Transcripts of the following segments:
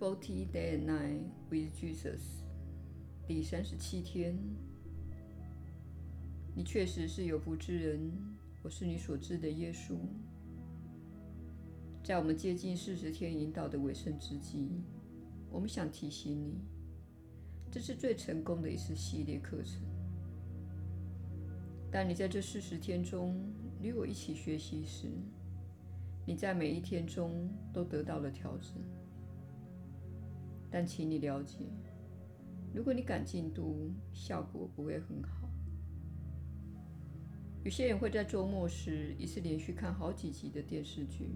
Forty Day and Night with Jesus，第三十七天。你確實是有福之人，我是你所知的耶穌。在我們接近四十天引導的尾聲之際，我們想提醒你，這是最成功的一次系列課程。當你在這四十天中與我一起學習時，你在每一天中都得到了調整。但請你了解，如果你趕進度，效果不會很好。有些人會在周末時一次連續看好幾集的電視劇，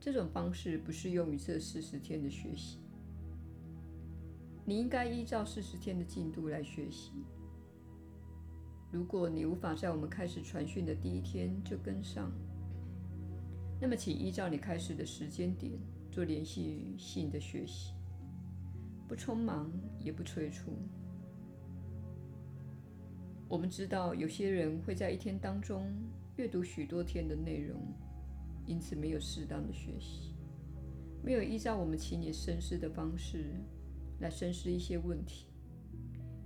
這種方式不適用於這四十天的學習。你應該依照四十天的進度來學習。如果你無法在我們開始傳訊的第一天就跟上，那麼請依照你開始的時間點。做連續性的學習，不匆忙也不催促。我們知道有些人會在一天當中閱讀許多天的內容，因此沒有適當的學習，沒有依照我們請你深思的方式來深思一些問題，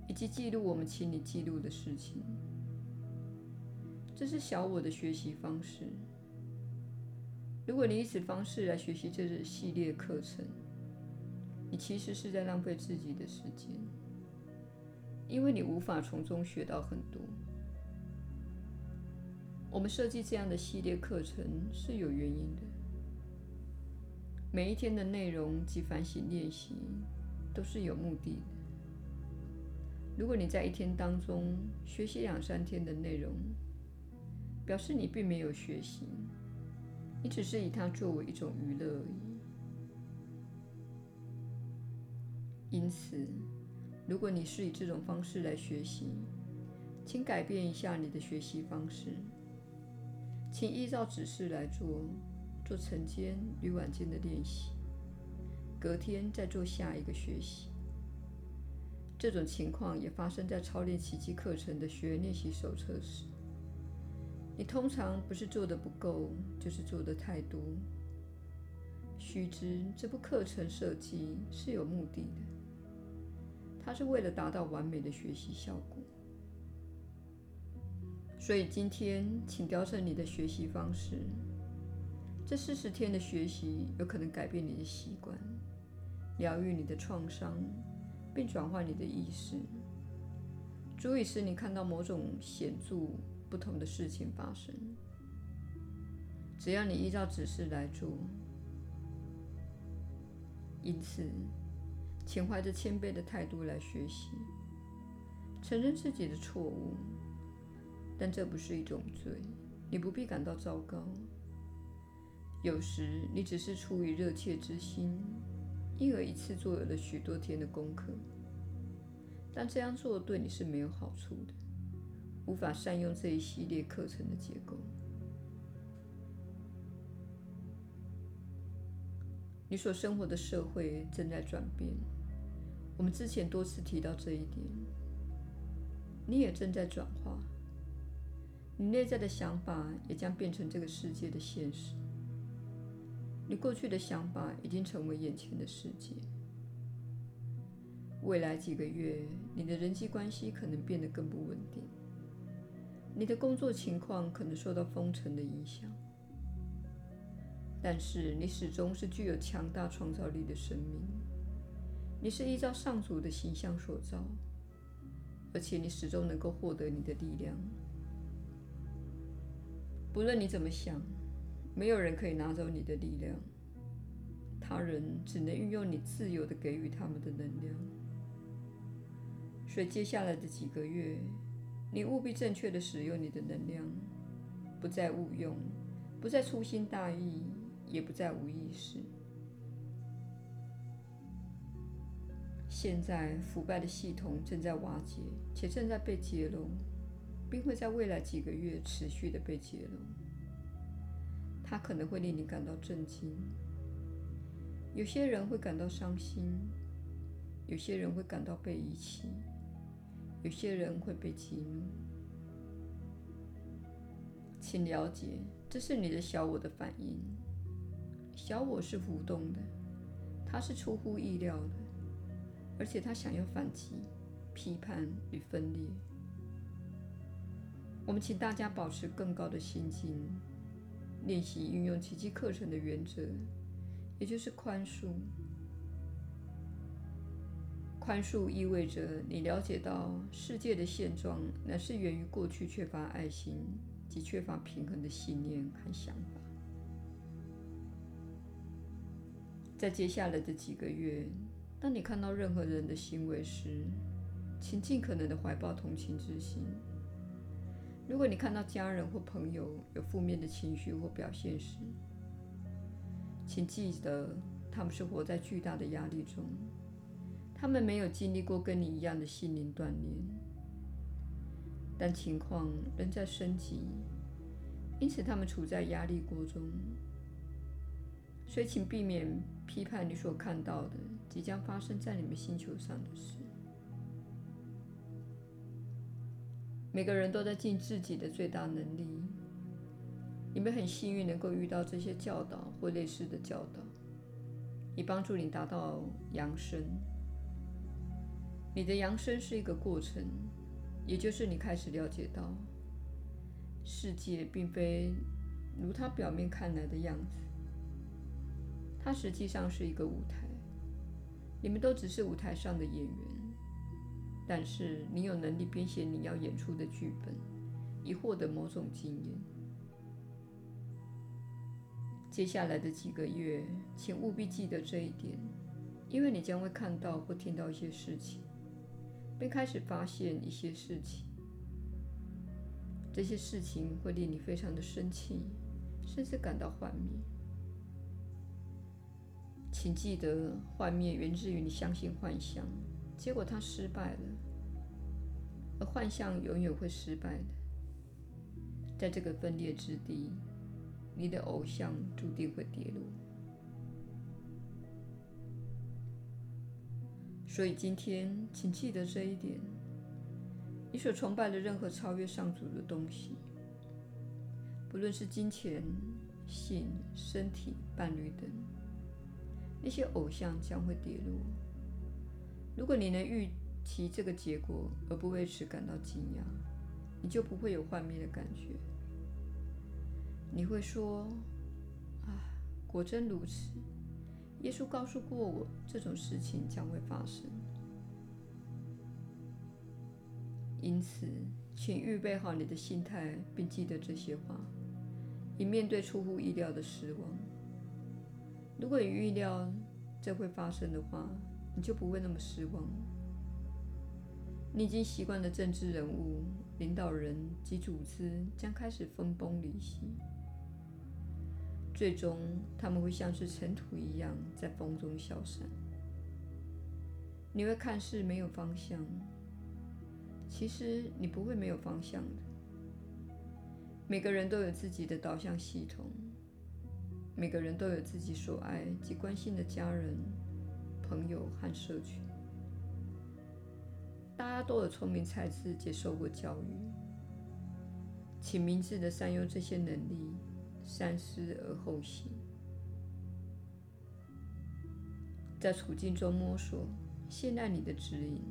以及記錄我們請你記錄的事情。這是小我的學習方式。如果你以此方式來學習這種系列課程，你其實是在浪費自己的時間，因為你無法從中學到很多。我們設計這樣的系列課程是有原因的，每一天的內容及反省練習都是有目的的。如果你在一天當中學習兩三天的內容，表示你並沒有學習。你只是以它作為一種娛樂而已。因此，如果你是以這種方式來學習，請改變一下你的學習方式，請依照指示來做，做晨間與晚間的練習，隔天再做下一個學習。這種情況也發生在操練奇蹟課程的學員練習手冊時。你通常不是做的不夠，就是做的太多。須知，這部課程設計是有目的的，它是為了達到完美的學習效果。所以今天，請調整你的學習方式。這四十天的學習，有可能改變你的習慣，療癒你的創傷，並轉化你的意識，足以使你看到某種顯著不同的事情發生，只要你依照指示來做。因此，請懷着謙卑的態度來學習，承認自己的錯誤。但這不是一種罪，你不必感到糟糕。有時你只是出於熱切之心，因而一次做了許多天的功課，但這樣做對你是沒有好處的。無法善用這一系列課程的結構。你所生活的社會正在轉變，我們之前多次提到這一點。你也正在轉化，你內在的想法也將變成這個世界的現實。你過去的想法已經成為眼前的世界。未來幾個月，你的人際關係可能變得更不穩定。你的工作情況可能受到封城的影響，但是你始終是具有強大創造力的生命。你是依照上主的形象所造，而且你始終能夠獲得你的力量。不論你怎麼想，沒有人可以拿走你的力量。他人只能運用你自由地給予他們的能量。所以接下來的幾個月。你務必正確地使用你的能量，不再誤用，不再粗心大意，也不再無意識。現在，腐敗的系統正在瓦解，且正在被揭露，並會在未來幾個月持續地被揭露。它可能會令你感到震驚，有些人會感到傷心，有些人會感到被遺棄。有些人會被激怒，請了解，這是你的小我的反應。小我是浮動的，它是出乎意料的，而且它想要反擊、批判與分裂。我們請大家保持更高的心境，練習運用奇蹟課程的原則，也就是寬恕。寬恕意味着你了解到，世界的現狀乃是源於過去缺乏愛心及缺乏平衡的信念和想法。在接下來的幾個月，當你看到任何人的行為時，請盡可能地懷抱同情之心。如果你看到家人或朋友有負面的情緒或表現時，請記得，他們是活在巨大的壓力中。他們沒有經歷過跟你一樣的心靈鍛鍊，但情況仍在升級，因此他們處在壓力鍋中。所以，請避免批判你所看到的即將發生在你們星球上的事。每個人都在盡自己的最大能力。你們很幸運能夠遇到這些教導或類似的教導，以幫助你達到揚升。你的揚升是一個過程，也就是你開始了解到，世界並非如它表面看來的樣子，它實際上是一個舞台，你們都只是舞台上的演員，但是你有能力編寫你要演出的劇本，以獲得某種經驗。接下來的幾個月，請務必記得這一點，因為你將會看到或聽到一些事情。並開始發現一些事情，這些事情會令你非常的生氣，甚至感到幻滅。請記得，幻滅源自於你相信幻相，結果它失敗了。而幻相永遠會失敗的，在這個分裂之地，你的偶像注定會跌落。所以今天，請記得這一點：你所崇拜的任何超越上主的東西，不論是金錢、性、身體、伴侶等，那些偶像將會跌落。如果你能預期這個結果而不為此感到驚訝，你就不會有幻滅的感覺。你會說：“啊，果真如此。”耶穌告訴過我這種事情將會發生，因此，請預備好你的心態，並記得這些話，以面對出乎意料的失望。如果你預料這會發生的話，你就不會那麼失望了。你已經習慣的政治人物、領導人及組織將開始分崩離析。最終，他們會像是塵土一樣在風中消散。你會看似沒有方向，其實你不會沒有方向的。每個人都有自己的導向系統，每個人都有自己所愛及關心的家人、朋友和社群。大家都有聰明才智，接受過教育，請明智地善用這些能力。三思而後行，在處境中摸索，信賴你的指引。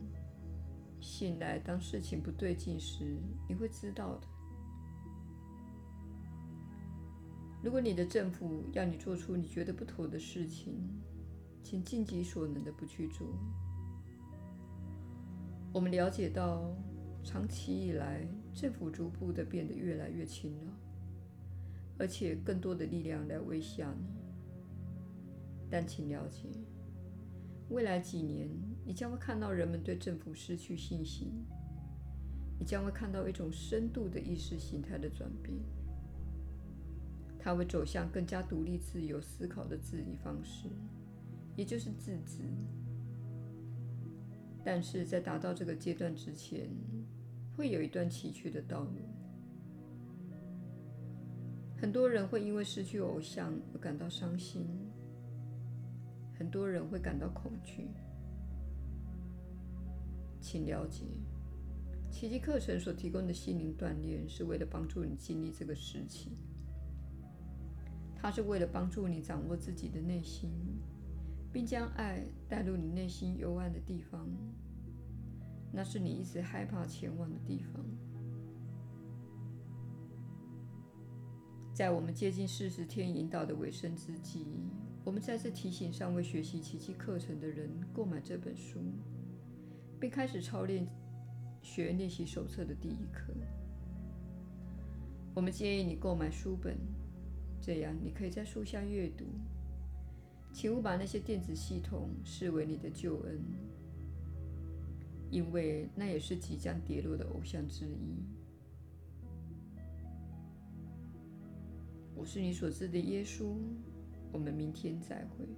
信賴，當事情不對勁時，你會知道的。如果你的政府要你做出你覺得不妥的事情，請盡己所能地不去做。我們了解到，長期以來，政府逐步地變得越來越侵擾。而且更多的力量來威嚇你，但請了解，未來幾年你將會看到人們對政府失去信心，你將會看到一種深度的意識形態的轉變，它會走向更加獨立、自由思考的治理方式，也就是自治。但是在達到這個階段之前，會有一段崎嶇的道路。很多人會因為失去偶像而感到傷心，很多人會感到恐懼。請了解，奇蹟課程所提供的心靈鍛煉是為了幫助你經歷這個事情。它是為了幫助你掌握自己的內心，並將愛帶入你內心幽暗的地方，那是你一直害怕前往的地方。在我們接近四十天引導的尾聲之際，我們再次提醒尚未學習奇蹟課程的人購買這本書，並開始操練學員練習手冊的第一課。我們建議你購買書本，這樣你可以在書下閱讀。請勿把那些電子系統視為你的救恩，因為那也是即將跌落的偶像之一。我是你所知的耶穌，我們明天再會。